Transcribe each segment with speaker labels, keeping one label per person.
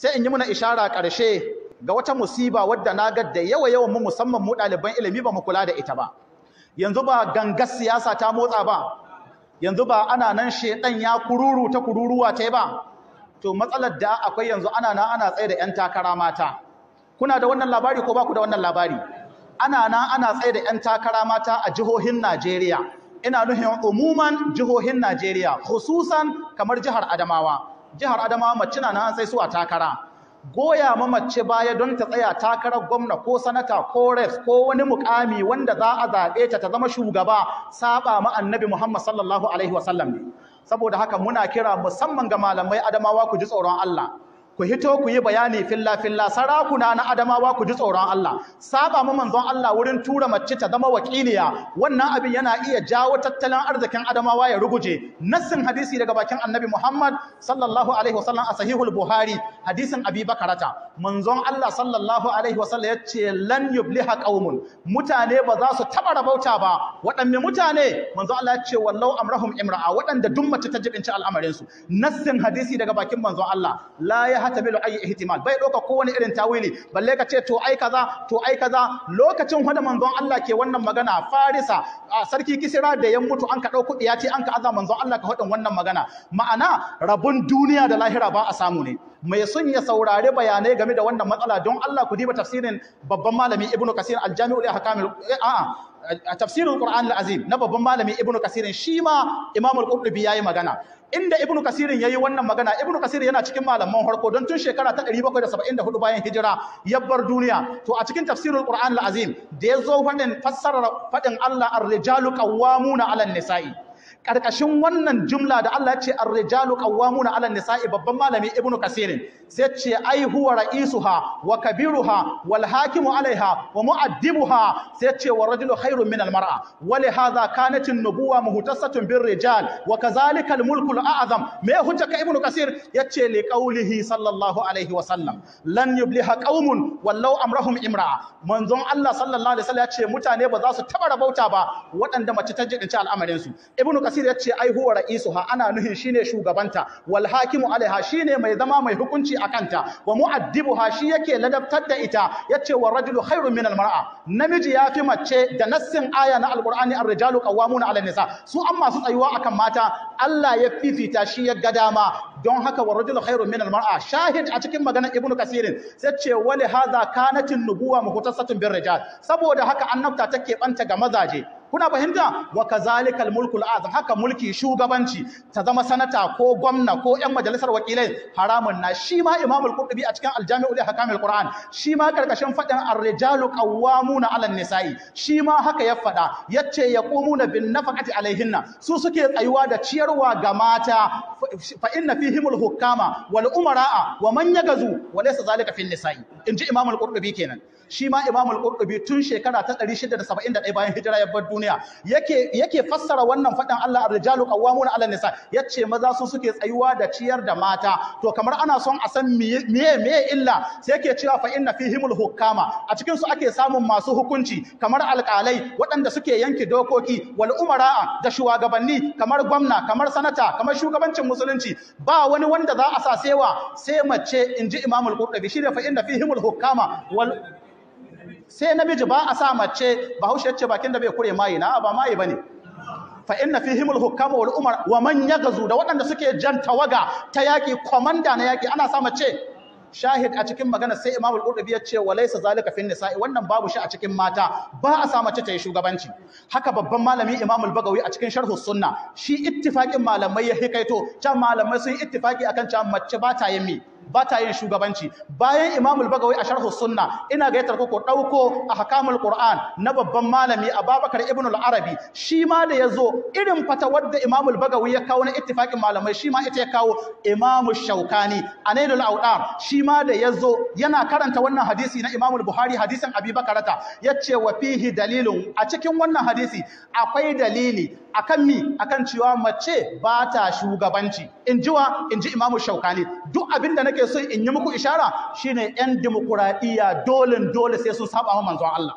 Speaker 1: sai in yi muna ishara ƙarshe ga wata musiba wadda na ga da yawa yawan mu musamman mu ɗaliban ilimi ba mu kula da ita ba yanzu ba gangar siyasa ta motsa ba yanzu ba ana nan shedan ya kururu ta kururuwa ta ba to matsalar da akwai yanzu ana nan ana tsaye da yan takara mata kuna da wannan labari ko ba ku da wannan labari ana nan ana tsaye da yan takara mata a jihohin Najeriya ina nuhin umuman jihohin Najeriya khususan kamar jihar Adamawa jihar adamawa mace na nan sai su a takara goya ma mace baya don ta tsaya takarar gwamna ko sanata ko reps ko wani mukami wanda za a zaɓe ta ta zama shugaba saba ma annabi muhammad sallallahu alaihi wasallam ne saboda haka muna kira musamman ga malamai adamawa ku ji tsoron allah ku hito ku yi bayani filla filla sarakuna na adamawa ku ji tsoron Allah saba ma manzon Allah wurin tura mace ta zama wakiliya wannan abin yana iya jawo tattalin arzikin adamawa ya ruguje nassin hadisi daga bakin annabi Muhammad sallallahu alaihi wasallam a sahihul Buhari hadisin Abi Bakarata manzon Allah sallallahu alaihi wasallam yace lan yubliha qaumun mutane ba za su taba rabauta ba waɗanne mutane manzon Allah yace wallau amrahum imra'a waɗanda duk mace ta jibinci al'amarin su nassin hadisi daga bakin manzon Allah la ya yahtabilu ayi ihtimal bai doka kowane irin tawili balle ka ce to ai kaza to ai kaza lokacin hada manzon Allah ke wannan magana farisa sarki kisira da ya mutu an ka dauko ce an ka azza manzon Allah ka hadin wannan magana ma'ana rabun duniya da lahira ba a samu ne mai sun ya saurari bayanai game da wannan matsala don Allah ku diba tafsirin babban malami ibnu kasir al ahkamil a'a eh, a tafsirin Qur'an al-Azim na babban malami Ibnu Kasir shi ma imamul al-Qurtubi yayi magana inda ibnu kasirin yi wannan magana Ibn kasirin yana cikin malaman harko don tun shekara ta 774 bayan hijira ya bar duniya to a cikin tafsirul qur'an al-azim da zo fadin fassarar faɗin Allah ar-rijalu qawwamuna na an-nisa'i Ƙarƙashin wannan jumla da Allah ya ce ar-rijalu na 'ala nisa'i babban malami ibnu kasir sai ce ai huwa ra'isuha wa kabiruha wal hakimu 'alaiha wa mu'addibuha sai ce wa rajulu khairu min al-mar'a wa li hadha kanat an-nubuwa muhtasatun bir rijal wa kadhalika al-mulku al-a'zam me ka ibnu kasir yace li qawlihi sallallahu alaihi wa sallam lan yubliha qaumun wallau amrahum imra'a manzon Allah sallallahu alaihi wasallam ya ce mutane ba za su taba rabauta ba waɗanda mace ta jidinci al'amarin su ibnu kasir ya ce ai huwa ha ana nuhin shine shugabanta wal hakimu alaiha shine mai zama mai hukunci a kanta wa ha shi yake ladabtar da ita yace wa rajulu khairun min al mar'a namiji ya fi mace da nassin aya na alqur'ani ar-rijalu qawwamuna 'ala nisa su an masu tsayuwa akan mata Allah ya fifita shi ya ga dama don haka wa rajulu khairun min al mar'a shahid a cikin maganar ibnu kasirin sai ce wali hadha kanatin nubuwa muhtasatun bir rijal saboda haka annabta take banta ga mazaje kuna fahimta wa kazalikal mulku azam haka mulki shugabanci ta zama sanata ko gwamna ko yan majalisar wakilai haramun na shi ma imamul qurtubi a cikin aljami'u li hakamil qur'an shi ma karkashin fadin ar-rijalu qawwamuna 'alan nisa'i shi ma haka ya fada yace yaqumuna bin nafaqati alaihinna su suke tsayuwa da ciyarwa ga mata fa inna fihimul hukama wal umara'a wa man yagazu wa laysa zalika fil nisa'i inji imamul qurtubi kenan shi ma imamul qurtubi tun shekara ta 671 bayan hijira ya bar duniya yake yake fassara wannan faɗin Allah ar-rijalu qawwamuna 'ala nisa yace maza su suke tsayuwa da ciyar da mata to kamar ana son a san meye meye illa sai yake cewa fa inna fihimul hukama a cikin su ake samun masu hukunci kamar alƙalai waɗanda suke yanke dokoki wal umara'a da shugabanni kamar gwamna kamar sanata kamar shugabancin musulunci ba wani wanda za a sa sewa sai mace inji imamul qurtubi shi da fa inna fihimul hukama wal sai namiji ba a sa mace bahaushe ce bakin da bai kure mayi na ba mayi bane fa inna fi al-hukama wal umar wa man yagzu da waɗanda suke jan tawaga ta yaki komanda na yaki ana sa mace shahid a cikin magana sai imamul Al-Qurtubi ya ce walaysa zalika fin nisa'i wannan babu shi a cikin mata ba a sa mace ta yi shugabanci haka babban malami imamul Al-Bagawi a cikin Sharh Sunna shi ittifaqin malamai ya hikaito can malamai sun ittifaqi akan cewa mace ba ta yin mi ba ta yin shugabanci bayan imamul bagawi a sharhu sunna ina gaitar ku ɗauko dauko ahkamul qur'an na babban malami ababakar ibn al-arabi shi ma da yazo irin fata wadda imamul bagawi ya kawo na ittifaqin malamai shi ma ita ya kawo imamu shaukani anaidul audar shi ma da yazo yana karanta wannan hadisi na imamul buhari hadisin abibakarata yace wa fihi dalilun a cikin wannan hadisi akwai dalili akan mi akan cewa mace ba ta shugabanci in jiwa in ji imamu shaukani duk abin da nake so in yi muku ishara shine yan dimokuraɗiyya dole dole sai sun saba ma manzon Allah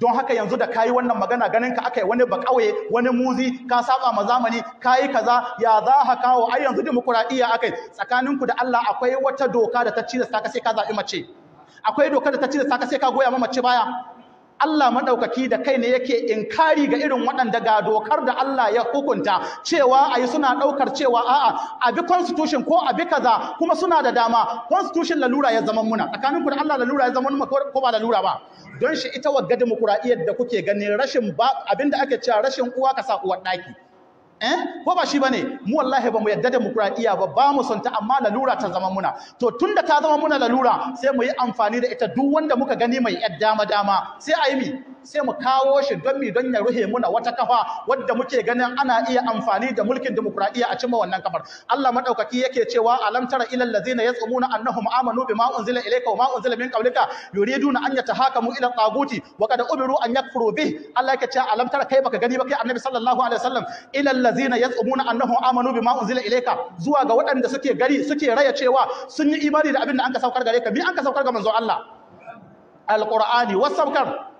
Speaker 1: don haka yanzu da kayi wannan magana ganin ka aka yi wani bakauye wani muzi ka saba ma zamani kayi kaza ya za ha kawo ai yanzu dimokuraɗiyya akai ku da Allah akwai wata doka da ta cire saka sai ka zaɓi mace akwai doka da ta cire saka sai ka goya ma mace baya Allah maɗaukaki da kai ne yake inkari ga irin waɗanda ga dokar da Allah ya hukunta cewa a yi suna ɗaukar cewa a'a a bi constitution ko a kaza kuma suna da dama constitution lalura ya zama muna tsakanin ku da Allah lalura ya zama muna ko ba lalura ba don shi ita wa demokuraɗiyyar da kuke ganin rashin da ake cewa rashin uwa ka sa uwar ɗaki eh ko ba shi bane mu wallahi ba mu yadda demokradiya ba ba mu sonta amma lalura ta zama muna to tunda ta zama muna lalura sai mu yi amfani da ita duk wanda muka gani mai yar dama dama sai a yi mi sai mu kawo shi don mi don ya ruhe muna wata kafa wadda muke ganin ana iya amfani da mulkin demokradiya a cimma wannan kafar Allah madaukaki yake cewa alam tara ilal ladzina yazumuna annahum amanu bima unzila ilayka wa ma unzila min qablika yuriduna an yatahakamu ila taguti wa qad umiru an yakfuru bih Allah yake cewa alam tara kai baka gani ba kai annabi sallallahu alaihi wasallam ilal lazina yasumuna annahum amanu bima unzila ilayka zuwa ga waɗanda suke gari suke raya cewa sun yi imani da abin da anka saukar gare ka bi anka saukar ga manzo Allah alqur'ani wasaukar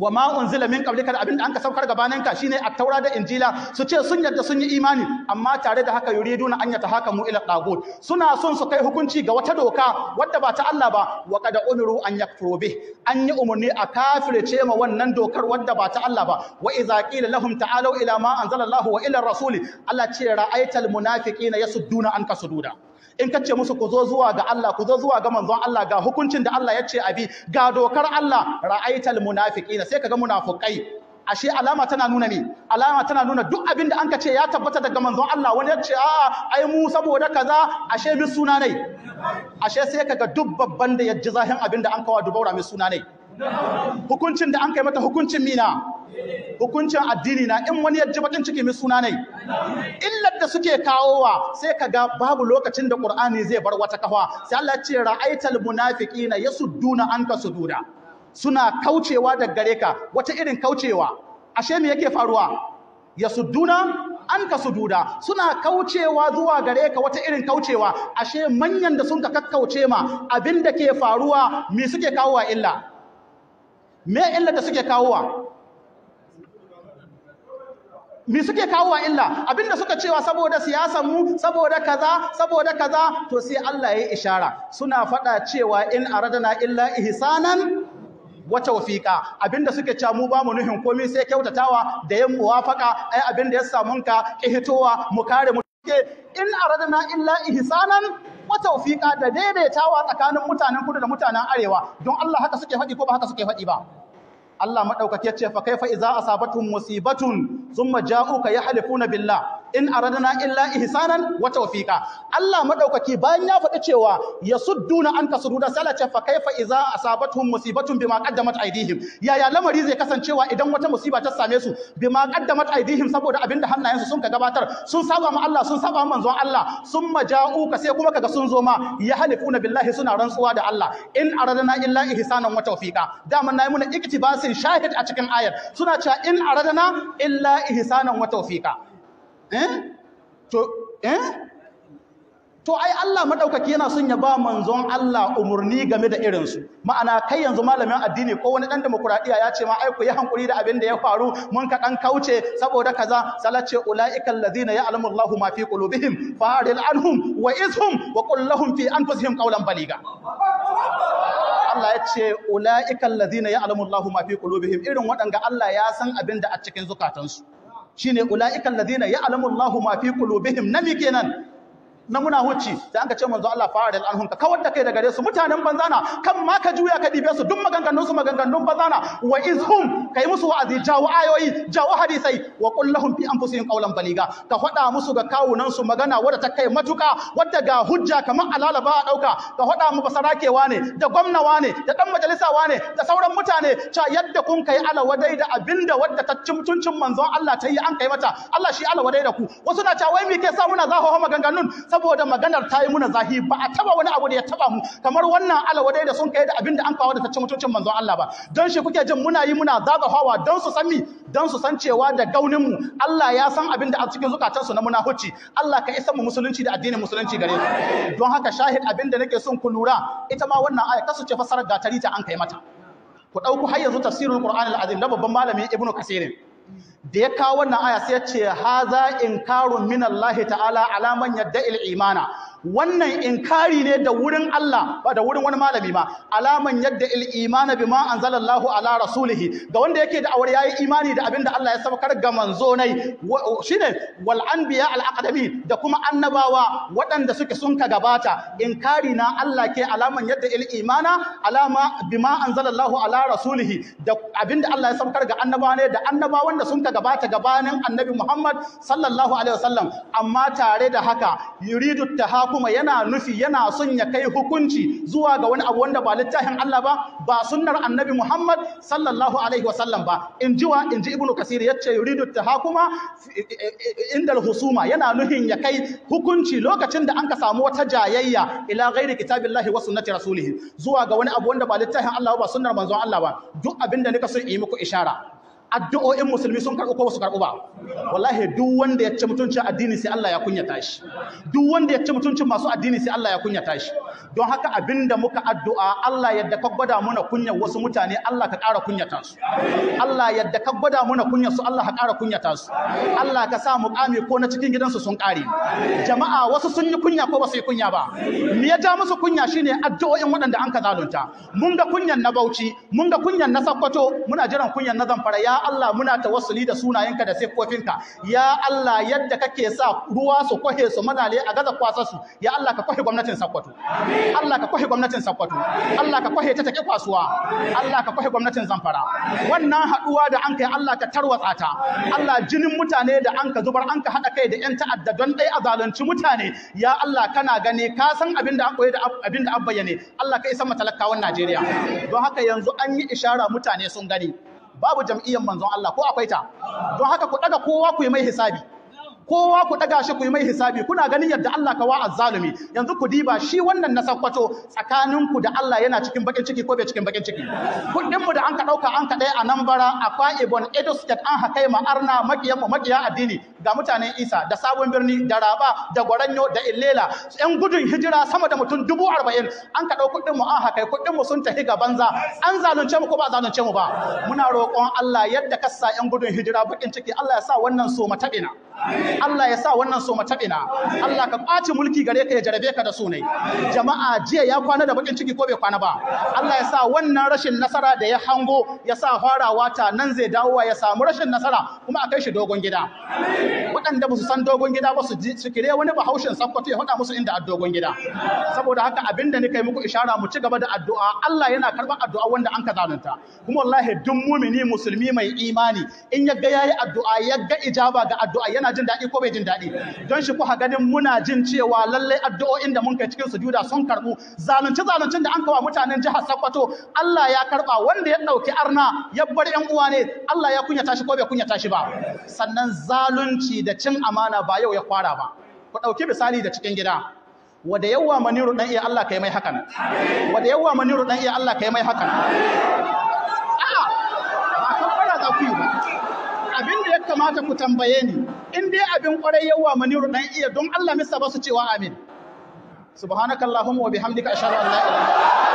Speaker 1: wa ma unzila min qablika abinda anka saukar gabanin ka shine at-taura da injila su ce sun yarda sun yi imani amma tare da haka yuriduna an mu ila tagut suna son su kai hukunci ga wata doka wadda ba ta Allah ba wa qad umiru an yakfuru bih an yi umurni a kafirce ma wannan dokar wadda ba ta Allah ba wa idza qila lahum ta'alu ila ma anzala Allah wa ila rasuli Allah ce ra'aital munafiqina yasudduna anka sududa in ka ce musu ku zo zuwa ga Allah ku zo zuwa ga manzon Allah ga hukuncin da Allah ya ce abi ga dokar Allah ra'aital munafiqina sai kaga munafukai ashe alama tana nuna ne, alama tana nuna duk abin da anka ce ya tabbata daga manzon Allah wani ya ce a'a ai mu saboda kaza ashe mi suna ne ashe sai kaga duk babban da ya ji zahin abin da an wa dubaura mi suna ne hukuncin da an kai mata hukuncin mina hukuncin addini na in wani yajji bakin ciki mai suna ne illar da suke kawowa sai ka ga babu lokacin da ƙur'ani zai bar wata kafa sai Allah ya ce ra'aital munafiqina yasudduna anka sududa suna kaucewa da gare ka wata irin kaucewa ashe me yake faruwa yasudduna an ka sujuda suna kaucewa zuwa gare ka wata irin kaucewa ashe manyan da sun ka kakkauce ma abinda ke faruwa me suke kawowa illa me illa da suke kawowa me suke kawowa illa abinda suka cewa saboda siyasan mu saboda kaza saboda kaza to sai Allah ya ishara suna faɗa cewa in aradana illa ihsanan wa tawfiqa abinda suke cewa mu ba mu nuhin komai sai kyautatawa da yan muwafaka ai abinda ya samu ka hitowa mu kare mu in aradana illa ihsanan wa da daidaitawa tsakanin mutanen kudu da mutanen arewa don Allah haka suke faɗi ko ba haka suke faɗi ba Allah madaukake ce fa kai kaifa a Sabatun musibatun Kayi, Halifu na billah in aradna illa ihsanan wa tawfiqa Allah madaukaki bayan ya faɗi cewa yasudduna anka sududa salace fa kaifa idza asabatuhum musibatun bima qaddamat aydihim yaya lamari zai kasancewa idan wata musiba ta same su bima qaddamat aydihim saboda abinda hannayensu sun ka gabatar sun saba ma Allah sun saba manzon Allah sun maja'u ka sai kuma kaga sun zo ma ya halifuna billahi suna rantsuwa da Allah in aradna illa ihsanan wa tawfiqa daman nayi muna iktibasin shahid a cikin ayar suna cewa in aradna illa ihsanan wa tawfiqa Eh? Eh? to ai Allah maɗaukaki yana son ya ba manzon Allah umarni game da irin su ma'ana kai yanzu malamin addini ko wani dan demokradiya ya ce ma ai ku yi hankuri da abin da ya faru mun ka dan kauce saboda kaza salace ulaiikal ladina ya'lamu Allahu ma fi qulubihim fa'ril anhum wa izhum wa qul lahum fi anfusihim qawlan baliga Allah ya ce ulaiikal ladina ya'lamu Allahu ma fi qulubihim irin waɗanda Allah ya san abin da a cikin zukatansu shine ulaiikal ladina ya'lamu Allahu ma fi qulubihim nami kenan na muna huci sai ka ce manzo Allah fara da anhum ka kawar da kai daga gare su mutanen banzana kan ma ka juya ka dibe su duk maganganun su banzana wa izhum kai musu wa'azi jawo ayoyi jawo hadisai wa qul lahum fi anfusihim qawlan baliga ka faɗa musu ga kawunan su magana wadda ta kai matuka wadda ga hujja kamar alala ba a dauka ka faɗa mu basarakewa ne da gwamnawa ne da dan wa ne da sauran mutane cha yadda kun kai wadai da abinda wadda ta cimtuncin manzon Allah ta yi an kai mata Allah shi wadai da ku wasu na cha wai me ke sa muna zaho maganganun saboda maganar ta yi muna zahi ba a taba wani abu da ya taba mu kamar wannan ala da sun kai da abin da an kawo da ta mutuncin manzon Allah ba don shi kuke jin muna yi muna hawa don su san mi don su san cewa da gaunin mu Allah ya san abin da a cikin zukatan su na munahuci Allah ka isa mu musulunci da addinin musulunci gare mu don haka shahid abin da nake son ku lura ita ma wannan aya su ce fasarar gatari ta an kai mata ku dauku har yanzu tafsirul qur'anil azim na babban malami ibnu kasirin da ya kawo wannan aya sai ya ce haza in min Allah ta'ala alaman yadda il imana wannan inkari ne da wurin Allah ba da wurin wani malami ba alaman yadda al-imana bima anzalallahu ala rasulihi ga wanda yake da awar yayi imani da abinda Allah ya saukar ga manzo nai shine wal anbiya al aqdami da kuma annabawa waɗanda suke sun ka gabata inkari na Allah ke alaman yadda al-imana alama bima anzalallahu ala rasulihi da abinda Allah ya saukar ga annabawa ne da annabawan da sun ka gabata gabanin annabi Muhammad sallallahu alaihi wasallam amma tare da haka yuridu tahaqqu kuma yana nufi yana son ya kai hukunci zuwa ga wani abu wanda ba littafin Allah ba ba sunnar annabi Muhammad sallallahu alaihi sallam ba in jiwa in ji ibnu kasir yace yuridu tahakuma indal husuma yana nufin ya kai hukunci lokacin da anka samu wata jayayya ila ghairi kitabillahi wa sunnati rasulih zuwa ga wani abu wanda ba littafin Allah ba sunnar manzon Allah ba duk abinda nika so in yi muku ishara addu'o'in musulmi sun karɓu ko ba su karɓu ba wallahi duk wanda ya ci mutuncin addini sai Allah ya kunyata shi duk wanda ya ci mutuncin masu addini sai Allah ya kunyata shi don haka abinda muka addu'a Allah yadda ka gwada muna kunyar wasu mutane Allah ka ƙara kunyata su Allah yadda ka gwada muna kunyar su Allah ka ƙara kunyata su Allah ka sa muƙami ko na cikin gidansu sun ƙare jama'a wasu sun yi kunya ko ba su yi kunya ba me ya ja musu kunya shine addu'o'in waɗanda an ka zalunta mun ga kunyan na Bauchi mun ga kunyan na Sakkwato? muna jiran kunyan na Zamfara ya Allah muna tawassuli da sunayenka da siffofinka ya Allah yadda kake sa ruwa su kwahe su malale a gaza kwasa su ya Allah ka kwahe gwamnatin Sakkwato. amin Allah ka kwahe gwamnatin Sokoto Allah ka kwahe ta take kwasuwa Allah ka kwahe gwamnatin Zamfara wannan haɗuwa da an kai Allah ka tarwatsa ta Allah jinin mutane da an ka zubar an ka hada kai da yan ta'adda don a zalunci mutane ya Allah kana gani ka san abin da an da abin da an bayyane Allah ka isa matalakawan Najeriya don haka yanzu an yi ishara mutane sun gani babu jam'iyyar manzon Allah ko akwai ta don haka ku ɗaga kowa ku yi mai hisabi kowa ku daga shi ku yi mai hisabi kuna ganin yadda Allah ka wa azzalumi yanzu ku diba shi wannan na sakwato tsakaninku da Allah yana cikin bakin ciki ko bai cikin bakin ciki kuɗin mu da an ka dauka an ka dai a nan bara a ibon edo state an haka ma arna makiyan mu makiya addini ga mutanen Isa da sabon birni da Raba da Gwaranyo da Illela yan gudun hijira sama da mutum dubu arba'in an ka dauka kuɗin mu an haka kuɗin mu sun tafi ga banza an zalunce mu ko ba zalunce mu ba muna roƙon Allah yadda kasa yan gudun hijira bakin ciki Allah ya sa wannan so mataɓina. Allah ya sa wannan so ina Allah ka ɓaci mulki gare ka ya jarabe ka da sunai jama'a jiya ya kwana da bakin ciki ko bai kwana ba Allah ya sa wannan rashin nasara da ya hango ya sa farawa ta nan zai dawo ya samu rashin nasara kuma a kai shi dogon gida waɗanda ba su san dogon gida ba su ji kire wani haushin sakkwato ya faɗa musu inda a dogon gida saboda haka abinda ni kai muku ishara mu ci gaba da addu'a Allah yana karɓar addu'a wanda an ka zalunta kuma wallahi duk mumini musulmi mai imani in ya ga yayi addu'a ya ga ijaba ga addu'a yana muna jin daɗi ko bai jin daɗi don shi kuka ganin muna jin cewa lallai addu'o'in da mun kai cikin sujuda sun karɓu zalunci zaluncin da an kawo mutanen jihar Sokoto Allah ya karɓa wanda ya ɗauki arna ya bar ƴan uwa ne Allah ya kunyata shi ko bai kunyata shi ba sannan zalunci da cin amana ba yau ya fara ba ku ɗauki misali da cikin gida wada yawa maniru dan iya Allah kai mai hakan wada yawa maniru dan iya Allah kai mai hakan a'a ba kan fara za ku yi ba abin da ya kamata ku tambaye ni in dai abin kwarai yawa maniru dan iya don Allah misa ba su cewa amin subhanakallahumma wa bihamdika ashhadu an la ilaha illa anta